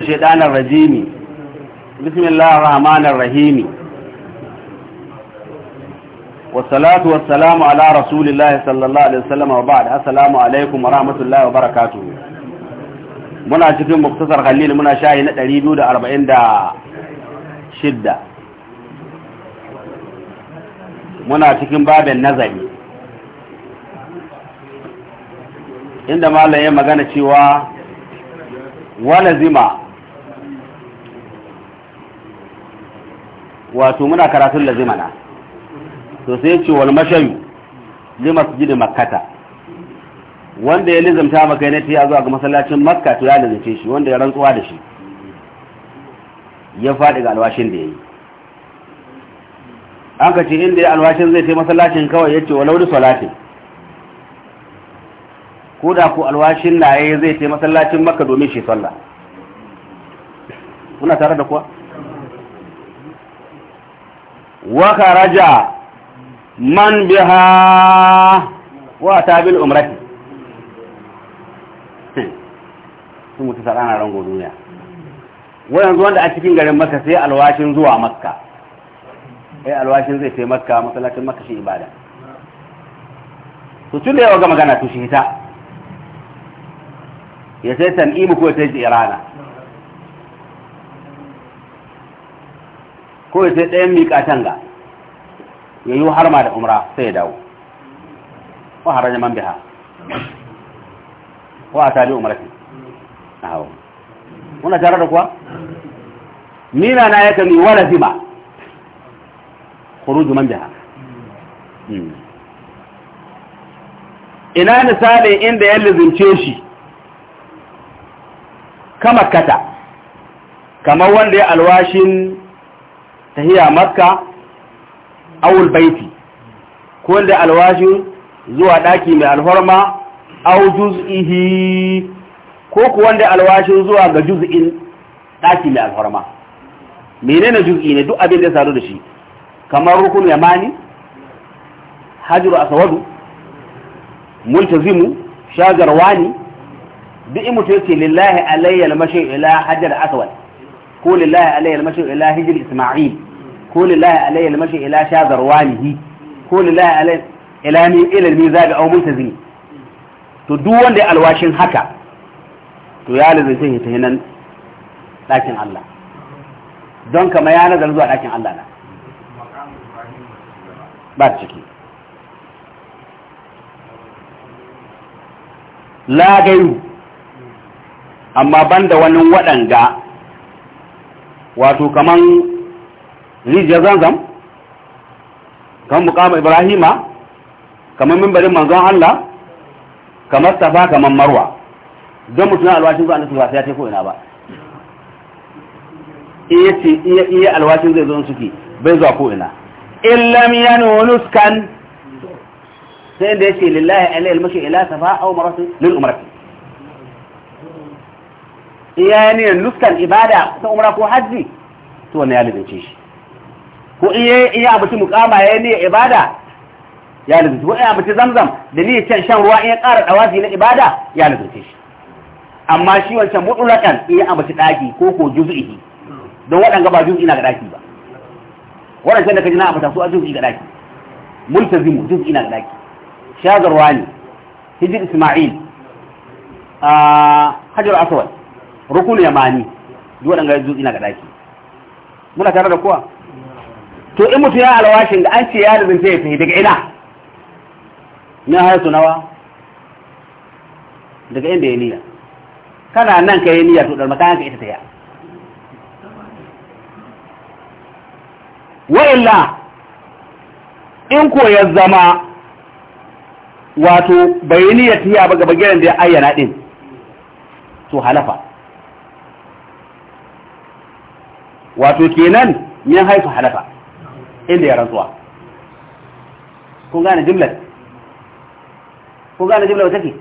الشيطان الرجيم بسم الله الرحمن الرحيم والصلاة والسلام على رسول الله صلى الله عليه وسلم وبعد السلام عليكم ورحمة الله وبركاته منا cikin muktasar Khalil muna shayi na 246 muna cikin babin nazari inda malaye magana cewa walazima wato muna karatun zimana to sai ce wal mashayu li masjid makkata wanda ya lizamta maka ne ya zuwa ga masallacin makka to ya lizace shi wanda ya rantsuwa da shi ya faɗi ga alwashin da yayi an ka ce inda ya alwashin zai tai masallacin kawai ce walau da salatin ko da ku alwashin na yayi zai tai masallacin makka domin shi sallah kuna tare da kuwa wa kharaja man biha wa tabil umrati sun mutu sarana rango duniya wayan zuwan da a cikin garin makka sai alwashin zuwa makka sai alwashin zai sai makka masallacin makka shi ibada to tun da yawa ga magana to shi ta ya sai tan'imu ko sai jirana ko ya sai ɗayan miƙa tanga ya yi harma da umra sai ya dawo ko har man biha Ko a tabi umarci na hau muna tare da kuwa nina na yakan yi wala zima kuru man biha hmm. ina misali inda ya lizince shi kama kata kamar wanda ya alwashin tahiya makka awul baiti ko da alwashin zuwa daki mai alhorma aw juz'ihi ko ku wanda alwashin zuwa ga juz'in daki mai alhorma menene juz'i ne duk abin da ya sadu da shi kamar rukun yamani hajru asawadu multazimu shajarwani bi in mutum ce lillahi alayya almashi ila hajar aswad ko lillahi alayya almashi ila hijr isma'il ko lillahi alayhi almashi ila sha zarwanihi ko lillahi alayhi ila ni ila almiza ga au multazimi to duk wanda ya alwashin haka to ya lazance shi ta hinan dakin Allah don kama ya nazar zuwa dakin Allah na ba ciki lagayu amma banda wani waɗanga wato kaman rijiyar zanzam kamar mukamar ibrahima kamar mimbarin manzon allah kamar safa kamar marwa don mutum alwashin zuwa nasu ba sai ya teku ina ba iya ce iya alwashin zai zo suke bai zuwa ko ina illam yanu nuskan sai da yace lillahi alayhi almashi ila safa au marati lil umrati iya ne nuskan ibada ta umra ko haji to wannan ya lizince shi ko in ya abuci mukama ya ne ibada ya lazunci ko in abuci zamzam da ni can shan ruwa in ya ƙara ɗawafi na ibada ya lazunci shi amma shi wancan mutulakan in ya abuci ɗaki ko ko juzu'ihi don waɗanga ba juzu'i na ga ɗaki ba waɗancan da ka ji na abuta su a juzu'i ga ɗaki multazimu juzu'i na ga ɗaki shagarwa ne hijir isma'il hajar aswal rukun yamani duk waɗanga juzu'i na ga ɗaki muna tare da kowa to in mutu ya alwashin da an ce ya da zance fi daga ina na haisu nawa daga inda ya niya kana nan ka yi niya to ɗarma kayan ka ita ta ya wa'illa in ko ya zama wato bai niyyar tiya ba ga gidan da ya ayyana din to halafa wato kenan yin haifu halafa inda ya rantsuwa kun gane jimlar kun gane jimlar wata ke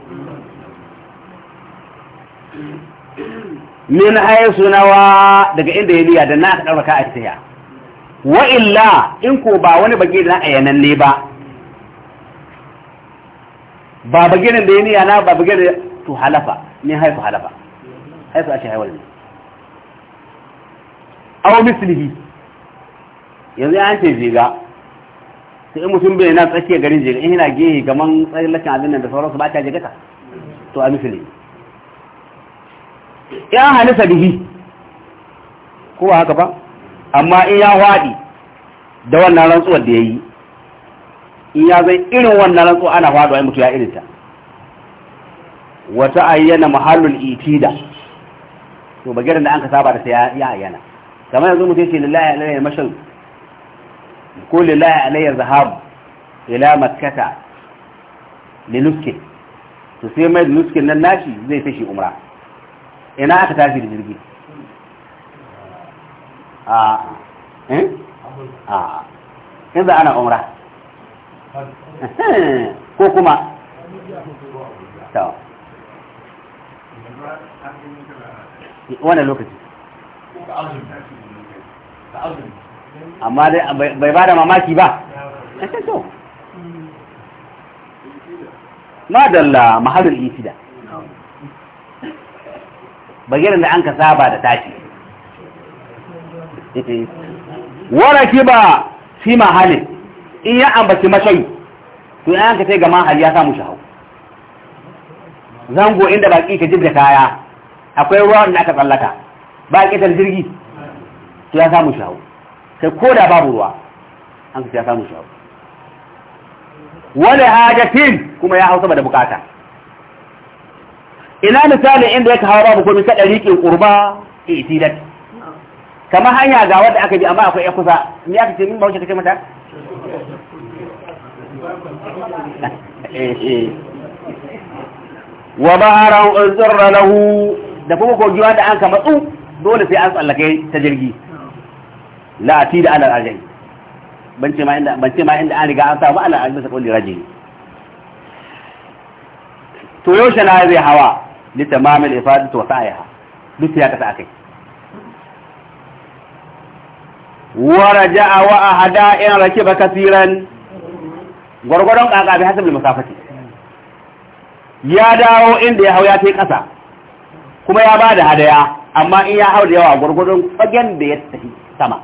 min haisu nawa daga inda ya liya da na aka ɗaukaka a tafiya wa illa in ko ba wani bage da na ayanan ne ba ba bagirin da ya niya na ba da to halafa ne haifu halafa haifu a shi haiwar ne awo mislihi yanzu ya ce jiga sai mutum bai na tsakiyar garin jiga in yana gehe gaman tsarin abin nan da sauransu ba ta jigata to a misali ya halisa bihi ko ba haka ba amma in ya waɗi da wannan rantsuwar da ya yi in ya zai irin wannan rantsuwa ana faɗo ai mutu ya irinta wata ayyana mahallul itida to bagirin da an ka saba da sai ya ayyana kamar yanzu mutum ce lillahi alaihi mashal ko لله علي zahabu الى مكه لنسك to ما mai الناشي زي nashi zai انا umra ina aka tashi da اذا a عمره ana umra ko kuma to lokaci amma bai ba da mamaki ba ma ce so madalla mahalar isida bagirin da an ka saba da tashi waraki ba fi mahalin in ya ambaci mashayi to an ka sai ga mahal ya samu shahau zango inda baki ka jirga kaya akwai ruwan da aka tsallaka baki ta jirgi to ya samu shahau sai ko da babu ruwa an ka ya samu shawo wani hajjafin kuma ya hau sama da bukata ina misalin inda ya kawo babu komi kaɗa riƙin ƙurba a eh, itilat Kama hanya ga wadda aka bi amma akwai ya kusa ni aka ce min ba wuce ta ce mata wa tsirra na lahu da kuma kogiwa da an kama tsu dole sai an tsallake ta jirgi la a ti da alal ajai ban ce ma inda an riga an samu alal ajai masakon da ne to yaushe na zai hawa nita mamil ifadu to sa'ayi ha duk ya kasa akai wara ja'a wa a hada ina rake ba kasiran gwargwaron ƙaƙa bai hasabin masafati ya dawo inda ya hau ya kai ƙasa kuma ya ba da hadaya amma in ya hau da yawa gwargwaron fagen da ya tafi sama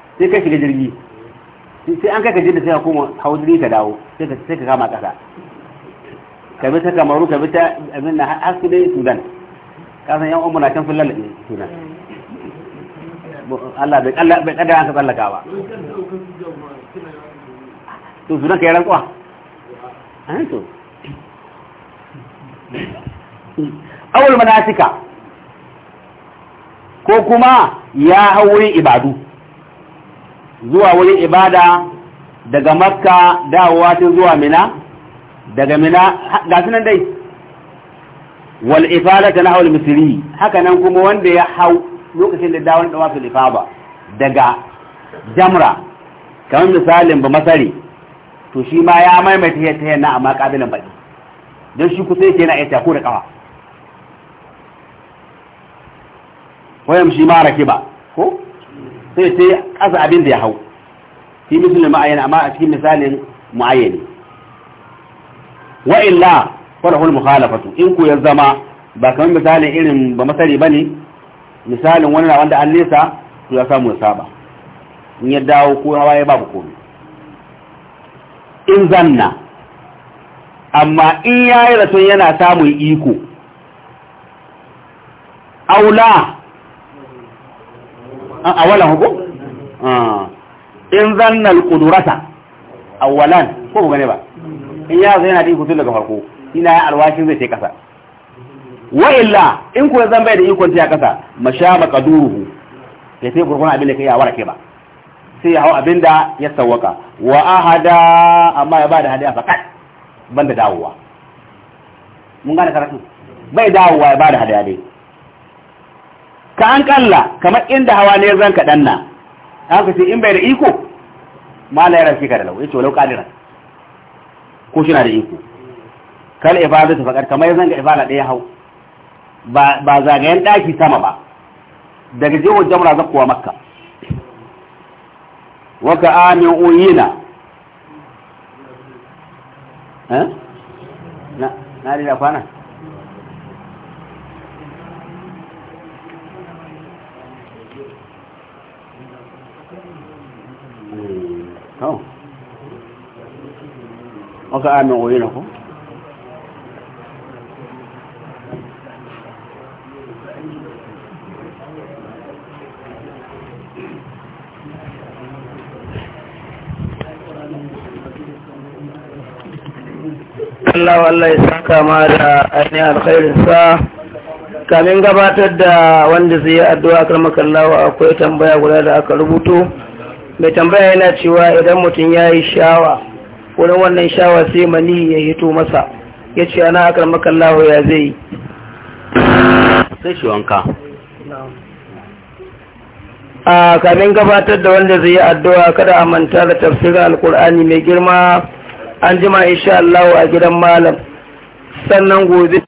sai kai shiga jirgi sai an kai ka jirgi sai ka koma hau jirgi ka dawo sai ka kama kasa ka bi ta kamaru ka bi ta abin na har su dai sudan kasan yan umarna can sun lallabe sudan Allah bai kada an ka tsallaka ba to sudan ka yi rantsuwa an to awul manasika ko kuma ya hauri ibadu zuwa wurin ibada daga makka dawowa ta zuwa mina daga mina ga sunan dai wal ta nahwal misri haka nan kuma wanda ya hau lokacin da dawon dawa su lifaba daga jamra kamar misalin ba masari to shi ma ya maimaita yadda yana amma kabilan baki don shi kusa yake yana ita ko da kawa wayam shi ma rakiba ko sai ce asa abin da ya hau fi misalin ma'ayyan amma a cikin misalin mu'ayyani wa illa farahul mukhalafatu in ku ya zama ba kamar misalin irin ba masari ba ne misalin wani wanda an nesa to ya samu ya saba in ya dawo ko hawa ya babu komai in zanna amma in yi raton yana samun iko aula awalan hako ah. in zanna alqudrata awalan ko ba ne ba in ya zai yana da iko tun daga farko ina ya alwashin zai ce kasa wa illa in kuwa zan bai da ikon ta kasa mashaba qaduruhu ya sai gurgurun abin da kai ya ke ba sai ya hau abin da ya sawaka wa ahada amma ya bada hadiya fakat banda dawowa mun gane karatu bai dawowa ya bada hadiya dai ka an kalla kamar inda hawa ne zan ka danna haka sai in bai da iko ma ya yaran shekara da lau yace lau qadiran ko shi na da iko kal ibada ta fakar kamar zan ga ibada ɗaya hau ba ba zagayen daki sama ba daga jihar jamra kuwa makka waka amin uyina eh? na na da kwana Ka amin oyi na ku Allah wallahi saka ma da ainihin alkhairin sa kamin gabatar da wanda zai yi addu'a karmakallawa akwai tambaya guda da aka rubuto mai tambaya yana cewa idan mutum ya yi shawa wani wannan shawa sai mani ya hito masa ya ce ana akar makallahu ya zai sai shi wanka a kamin gabatar da wanda zai yi addu'a kada a manta da tafsirin alkur'ani mai girma an jima insha Allah a gidan malam sannan gobe